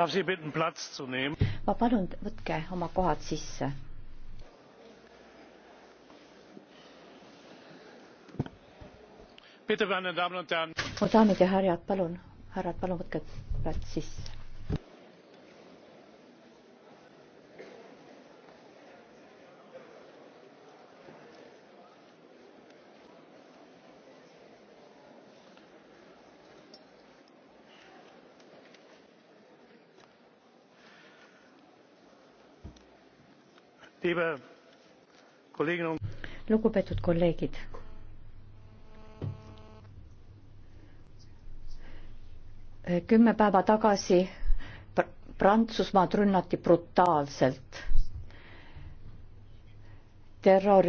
ma palun, võtke oma kohad sisse. mu daamid ja härjad, palun, härrad, palun võtke plats sisse. lugupeetud kolleegid kümme päeva tagasi prantsusmaad rünnati brutaalselt terroristid